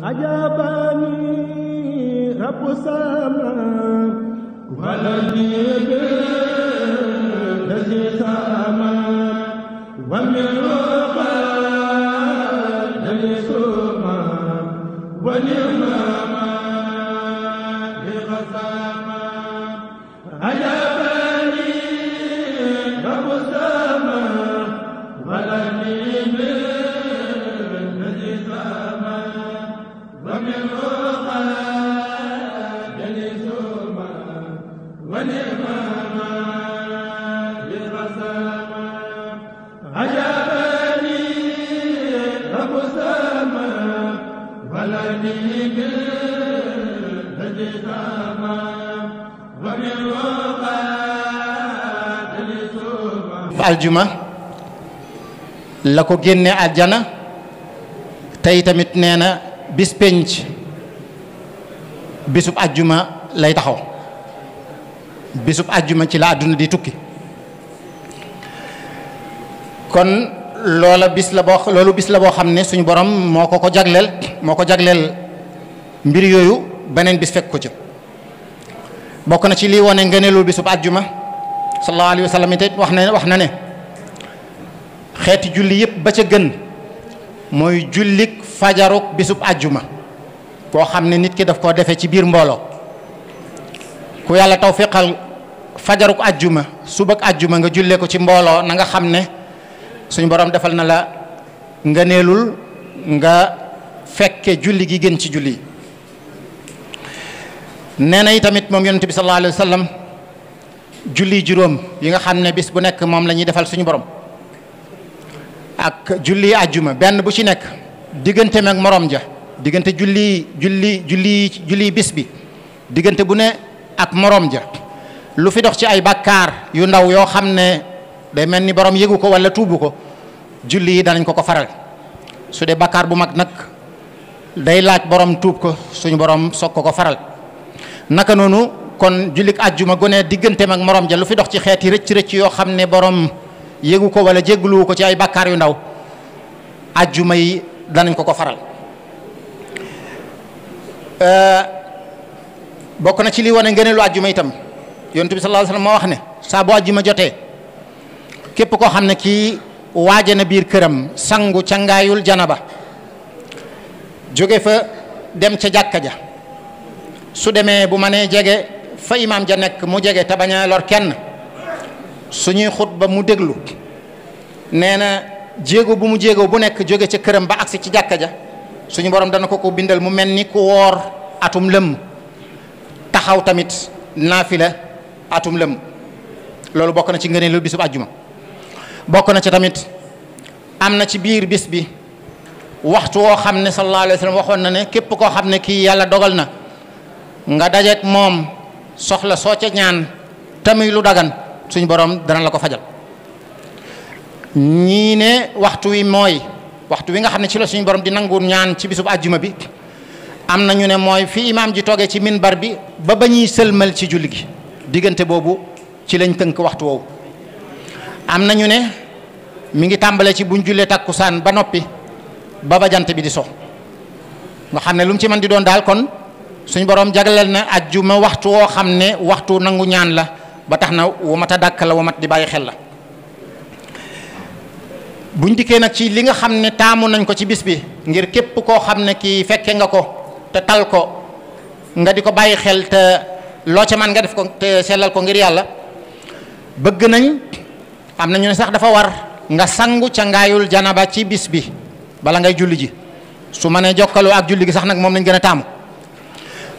Aja bani rapu sama wala dia be sama wa miro ba dadi suma wa nyama be sama aljuma lako genné ajana, aljana tay tamit néna bis penc bisub aljuma lay taxaw bisub aljuma ci la aduna di tukki kon lola bis la bislabo lolu bis la bo xamné suñu borom moko ko jaglél moko jaglél mbir yoyu benen bis fekk ko ci bokk na ci li woné bisub aljuma sallallahu alaihi wasallam itu it wax na wax na ne xeeti julli yëpp ba ca gën jullik fajaruk bisub àjjuma ko xam nit ki daf koo defee ci ko mbooloo ku yàlla tawfiqal fajaruk ajuma, subak ajuma nga juli ko ci mbooloo na nga xam suñu borom defal na la nga neelul nga fekke julli gi gën ci julli itamit bi sallallahu alaihi wasallam julli juróom yi nga xam ne bis bu nekk moom lañuy defal suñu borom ak julli àjjuma benn bu ci nekk diggante meeg moroom ja diggante julli julli julli julli bis bi diggante bu ne ak moroom ja lu fi dox ci ay bàkkaar yu ndaw yoo xam ne day mel ni borom yëgu ko wala tuubu ko julli yi danañ ko ko faral su dee bàkkaar bu mag nag day laaj boroom tuub ko suñu boroom soog ko ko faral naka noonu kon jullik àjjuma gone digganteem ak moroom ja lu fi dox ci xeeti rëcc rëcc yoo xam ne borom yégu ko wala jéggluwu ko ci ay bakkaar yu ndaw àjjuma yi danañ ko ko faral euh, bokk na ci li wane ngëneelu àjjuma itam yonent bi sallallahu alayhi wasallam moo wax ne saa bu àjjuma jotee képp koo xam ne kii waaje na biir këram sangu cangaayul ba jóge fa dem ca jàkka ja su demee bu ma nee jege fa imaam ja nekk mu jege te bañ a lor kenn suñuy ba mu déglu nee na jéego bu mu jéego bu nekk jóge ca këram ba agsi ci jàkka ja suñu borom dana ko ko bindal mu mel ni ku woor atum lëmm taxaw tamit naafila atum lëmm loolu bokk na ci ngëneel lu bisub àjjuma bokk na ci tamit am na ci biir bis bi waxtu woo xam ne sa alayhi wa waxoon na ne képp koo xam ne kii yàlla dogal na nga dajeek moom soxla so ci ñaan tamuy lu dagan suñ borom dana la ko fajal ñi ne waxtu wi moy waxtu wi nga xamne ci la suñ borom di nangul ñaan ci bisub aljuma bi amna ñu ne moy fi imam ji toge ci minbar bi ba bañi selmal ci julli gi diggante boobu ci lañ tënk waxtu wo amna ñu ne mi ngi tàmbale ci buñ julé takusan ba nopi ba ba jant bi di so nga xamne lu ci man di doon dal kon suñ borom jagleel na aljuma waxtu wo xamne waxtu nangu ñaan la ba taxna wu mat dak la wu mat di baye xel la buñ diké nak ci li nga xamne nañ ko ci bis bi ngir képp ko xamne ki fekke nga ko te tal ko nga diko baye xel te lo ci man nga def ko te selal ko ngir yalla bëgg nañ am ñu sax dafa war nga sangu ca ngaayul janaba ci bis bi bala ngay julli ji su mané jokkalu ak julli gi sax nak mom lañu gëna tamu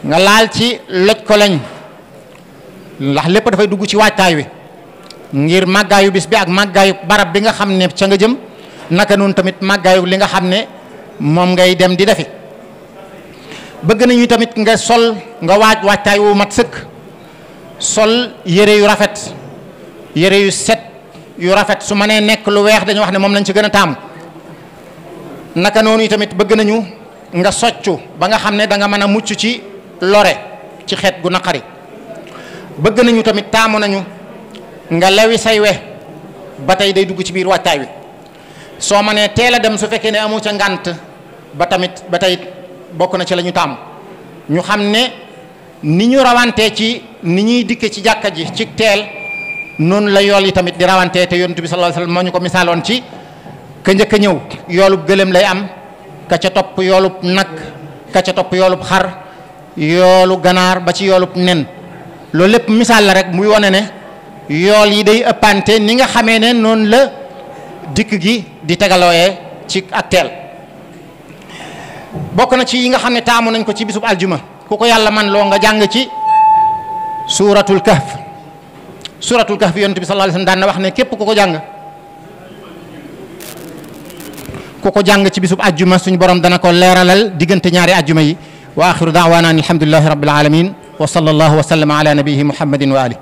nga laal ci loj ko lañ ndax lépp dafay dugg ci waajtaay wi ngir màggaayu bis bi ak màggaayu barab bi nga xam ne ca nga jëm naka noonu tamit màggaayu li nga xam ne moom ngay dem di defi bëgg nañu tamit nga sol nga waaj waajtaay wu mat sëkk sol yére yu rafet yére yu set yu rafet su ma nee nekk lu weex dañu wax ne moom lañ ci gën a taamu naka noonu tamit bëgg nañu nga soccu ba nga xam ne danga mën a mucc ci lore ci xeet gu naqari bëgg nañu tamit taamu nañu nga lewi say we ba tey day dugg ci biir waajtaay wi soo ma nee teel a dem su fekkee ne amu ca ngànt ba tamit ba tey bokk na ci la ñu taamu ñu xam ne ni ñu rawantee ci ni ñuy dikke ci jàkka ji ci teel noonu la yool yi tamit di rawantee te yonent bi sallallahu alayhi wasallam moo ñu ko misaaloon ci ka njëkk a ñëw yoolub gëléem lay am ka ca topp yoolub nag ka ca topp yoolub xar yoolu ganar, ba ci yoolu nen loolu lepp misal la rek muy wone ne yool yi day ëppante ni nga xamee ne noonu la dikk gi di tegalooyee ci ak teel bokk na ci yi nga xam ne taamu nañ ko ci bisub aljuma ku ko yàlla man loo nga jàng ci suratul kahf suratul kahf yonent bi sallallahu alayhi wasallam daan na wax ne képp ku ko jàng ku ci bisub aljuma suñu borom dana ko leeralal diggante ñaari aljuma yi واخر دعوانا ان الحمد لله رب العالمين وصلى الله وسلم على نبيه محمد واله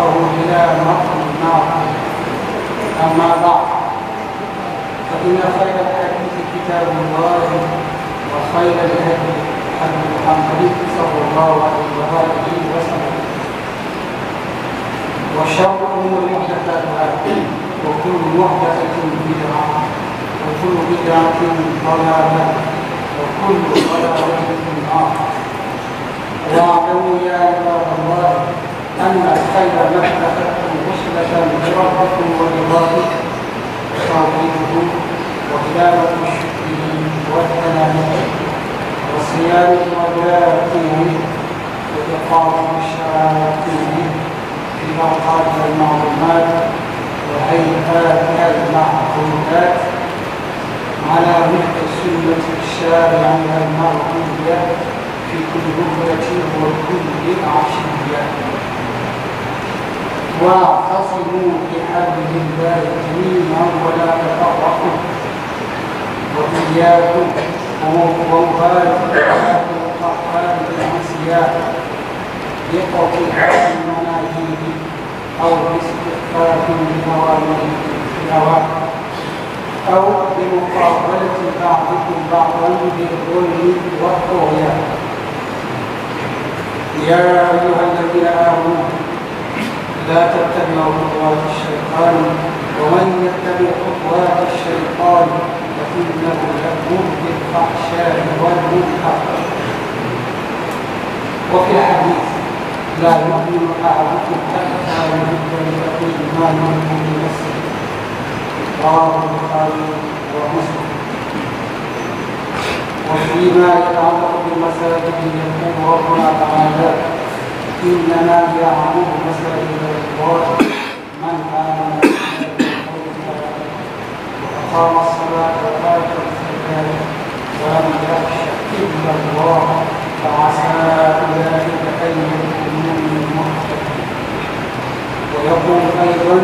أو إلى مطر النار أما بعد فإن خير الحديث كتاب الله وخير الهدي هدي محمد صلى الله عليه وآله وسلم وشر الأمور محدثاتها وكل محدثة بدعة وكل بدعة ضلالة وكل ضلالة في النار واعلموا يا عباد الله أن الخير محبة مسلة مشرفة ولذلك توحيده وتلاوة الشكر والثناء وصيام مولاتهم وتقاطع الشياطين في مرقات المعلومات وهيئات المعقولات على وفق سنة الشارع المرئية في كل بكرة وكل بدعة واعتصموا بحبل الله جميعا ولا تفرقوا وإياكم ومخالفة القرآن بالعصيان لقطيعة مناهيه أو باستخفاف بمواريه الهواء أو بمقابلة بعضكم بعضا بالظلم والطغيان يا أيها الذين آمنوا لا تتبعوا خطوات الشيطان ومن يتبع خطوات الشيطان فإنه يأمر بالفحشاء والمنكر وفي الحديث لا يؤمن أحدكم حتى يحب لأخيه ما يحب لنفسه رواه البخاري ومسلم وفيما يتعلق بالمساجد يقول ربنا تعالى إنما يعمر مسجد الله من آمن وأقام الصلاة وآتى الزكاة ولم يخش إلا الله فعسى أولئك أن يكونوا من ويقول أيضا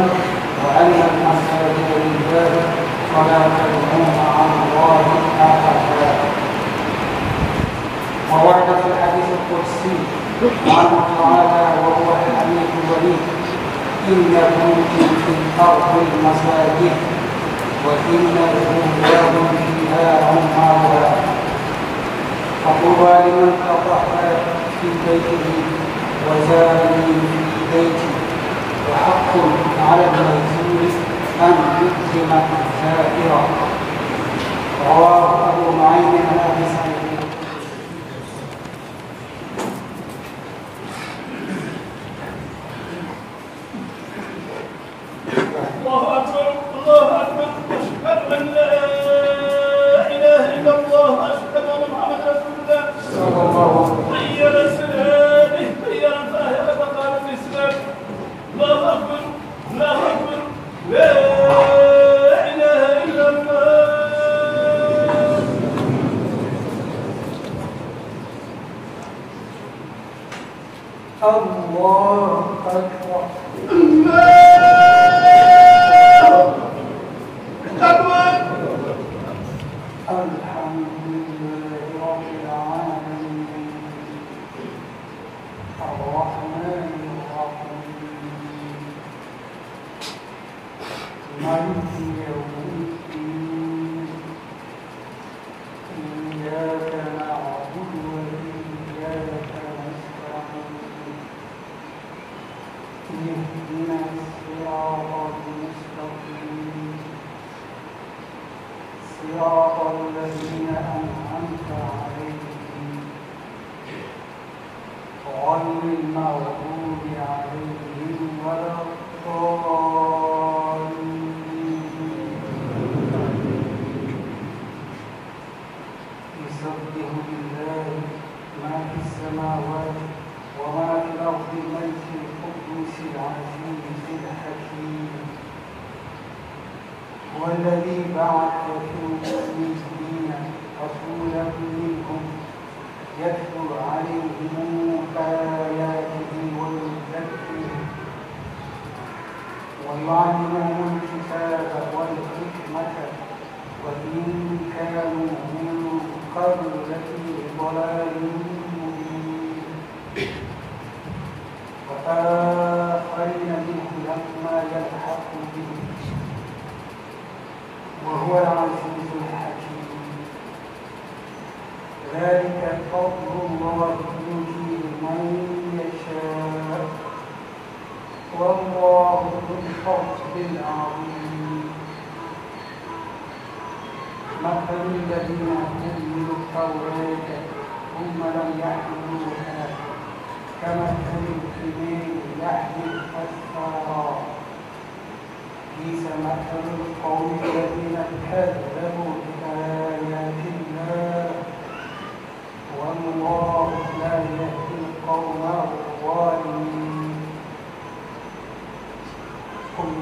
وأن المساجد لله فلا تدعون عن الله أحدا وورد في الحديث القدسي قال تعالى وهو الحميد الوليد إن كنتم في الأرض المساجد وإن لكم فيها أنهارها فطوبى لمن تطهر في بيته وزارني في بيتي وحق على الميسور أن يكرم الزائر رواه أبو معين عن أبي الصلاة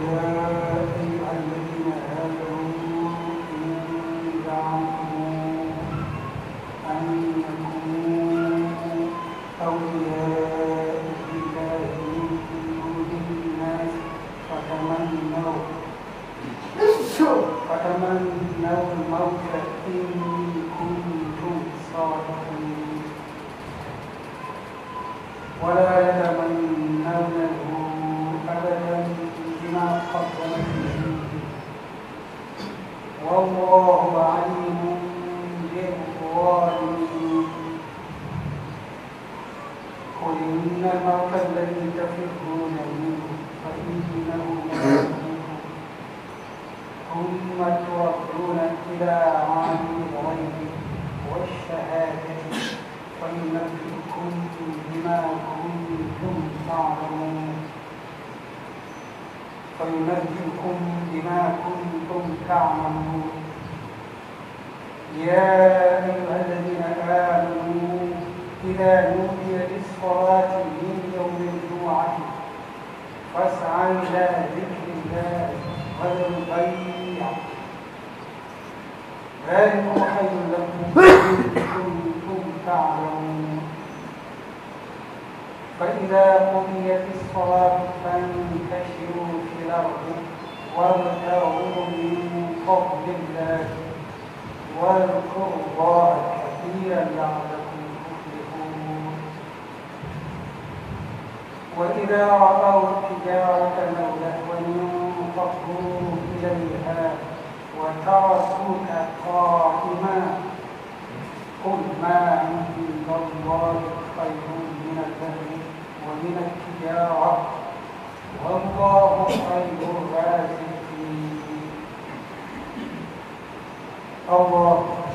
Wow. وينبئكم بما كنتم تعملون يا أيها الذين آمنوا إذا نودي للصلاة من يوم الجمعة فاسعوا إلى ذكر الله غير البيع ذلكم خير لكم إن كنتم تعلمون فإذا قضيت الصلاة فانتشروا في الأرض وابتغوا من فضل الله واذكروا الله كثيرا لعلكم تفلحون وإذا رأوا تجارة أو لهوا انفضوا إليها وتركوك قائما قل ما عند الله خير من الذهب ومن التجارة والله خير الرازقين الله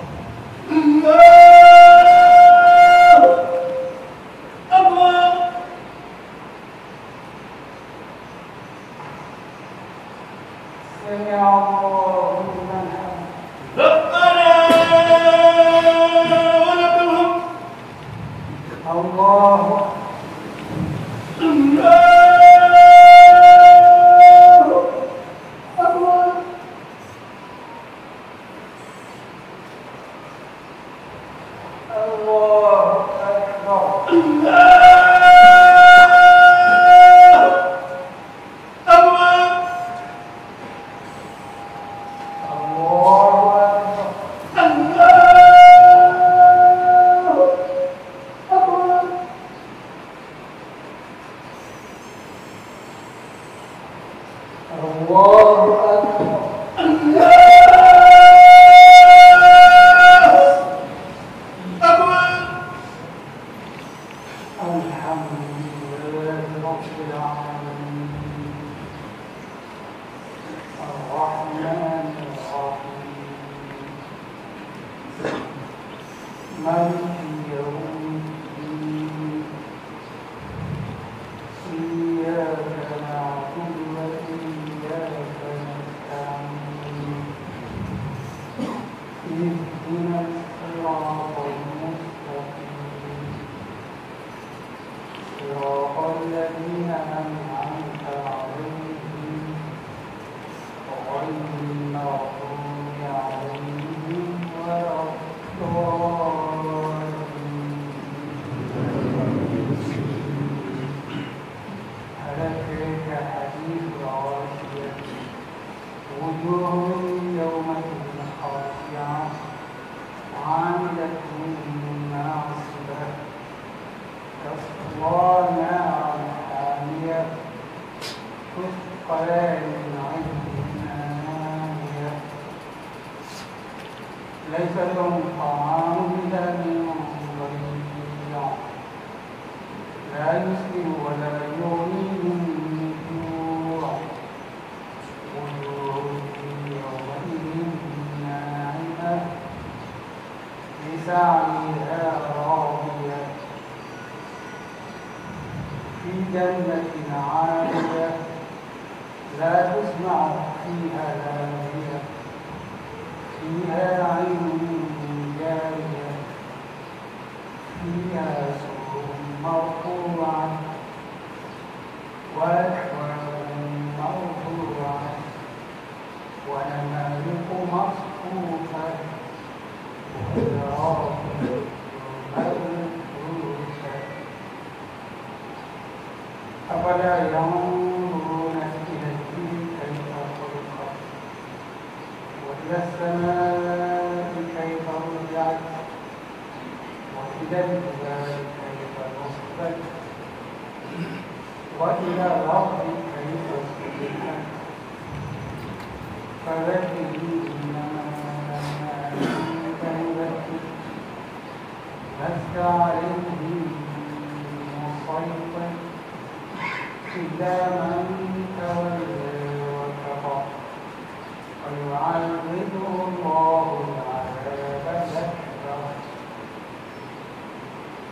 فيعذبه الله العذاب الأكبر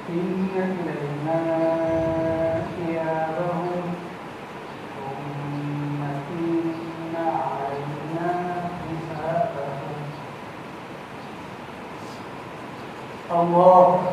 إن إلينا إيابهم ثم إن علينا حسابهم الله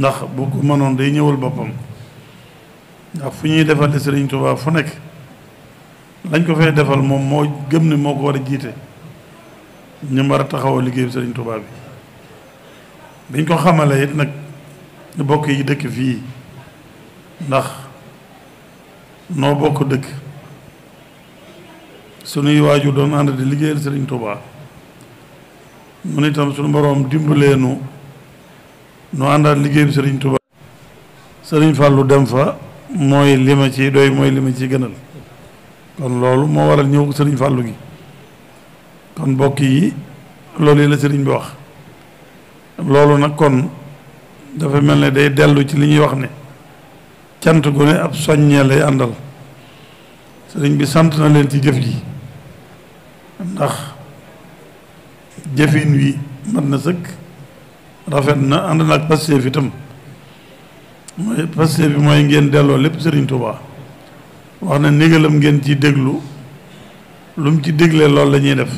ndax bu ko mënoon day ñëwal boppam ndax fu ñuy defal Sëriñ Tuubaa fu nekk lañ ko fay defal moom moo gëm ne moo ko war a jiite ñu war a taxawal liggéey bi Sëriñ bi biñ ko xamale it nag bokk yi dëkk fii ndax noo bokk dëkk sunuy waajur doon ànd di liggéeyal Sëriñ Tuubaa mu itam sunu boroom dimbaleenu noo àndaat liggéey bi sëriñ Touba sëriñ fàllu dem fa mooy li ma ci doy mooy li ma ci gënal kon loolu moo waral ñëw sëriñ Fallou gi kon mbokk yi loolu yi la sëriñ bi wax loolu nag kon dafa mel ne day dellu ci li ñuy wax ne cant gu ne ab soññee lay àndal sëriñ bi sant na leen ci jëf ji ndax jëfin wi mat na sëkk rafet na ànd na ak Pastef itam mooy Pastef bi mooy ngeen delloo lépp Serigne Touba wax na négalam ngeen ci déglu lu mu ci déglee loolu lañuy def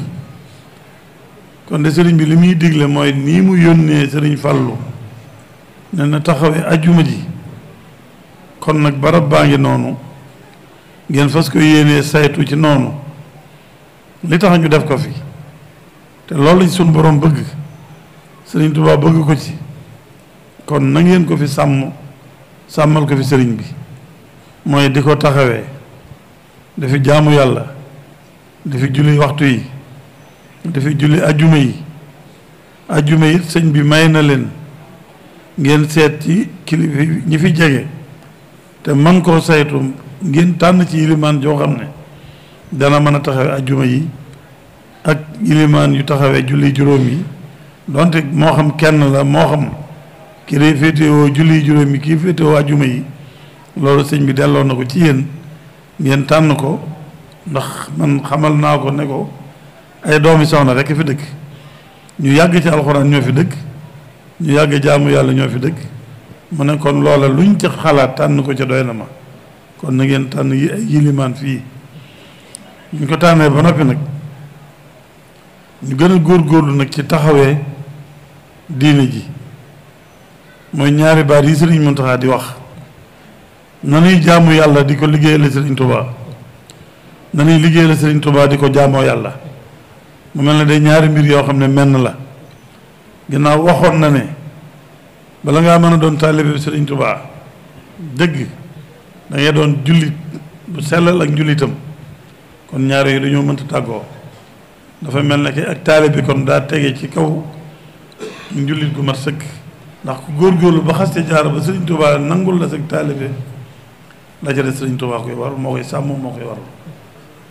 kon de Serigne bi li muy dégle mooy nii mu yónnee Serigne Fallou ne na taxawee ajjuma ji kon nag barab baa ngi noonu ngeen fas ko yéenee saytu ci noonu li tax ñu def ko fi te loolu lañ sunu borom bëgg serigne touba bëgg ko ci kon na ngeen ko fi sam samal ko fi serigne bi moy diko taxawé da fi jaamu da fi julli waxtu yi fi julli aljuma yi aljuma yi serigne bi may na leen ngeen set ci kilifi ñi fi jégué té man ko saytu ngeen tan ci iliman jo xamné dana mëna taxawé aljuma yi ak iliman yu taxawé julli juroom yi donte moo xam kenn la moo xam ki day féetewoo julli juróomi kii féetewoo ajuma yi loolu sëñ bi delloo na ko ci yéen ngeen tànn ko ndax man xamal naa ko ne ko ay doomi soxna rekk fi dëkk ñu yàgg ci alxuraan ñoo fi dëkk ñu yàgg jaamu yàlla ñoo fi dëkk mu ne kon loola luñ ci xalaat tànn ko ca doy na ma kon na ngeen tànn yi ay yilimaan fii ñu ko tànnee ba noppi nag ñu gën a góorlu nag ci taxawee diine ji mooy ñaari baat yi sëriñ Muntaxa di wax nanuy jàmm yàlla di ko liggéeyal sëriñ Tuubaa nanuy liggéeyal sëriñ Tuubaa di ko jàmmoo yàlla mu mel ne de ñaari mbir yoo xam ne menn la ginnaaw waxoon na ne bala ngaa mën a doon taalibe sëriñ Tuubaa dëgg da ngay doon jullit bu sellal ak njullitam kon ñaari yi dañoo mënta tàggoo dafa mel ne ki ak taalibe bi kon daa tege ci kaw njullit gu mat sëkk ndax ku góorgóorlu ba xaste jaar ba sëriñ Tuubaa nangul la sëg taalibe la ca des sëriñ Tuubaa koy war moo koy sàmm moo koy war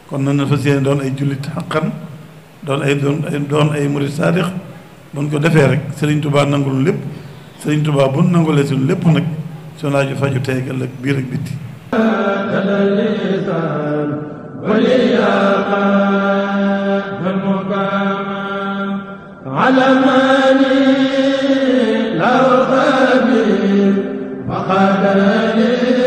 kon nan na fas yéene doon ay jullit xaqan doon ay doon ay doon ay murid saadix ko defee rek sëriñ Tuubaa nangul lépp sëriñ Tuubaa bu nangulee suñu lépp nag suñu laaju faju tey ëllëg biir ak bitti وليا Thank you.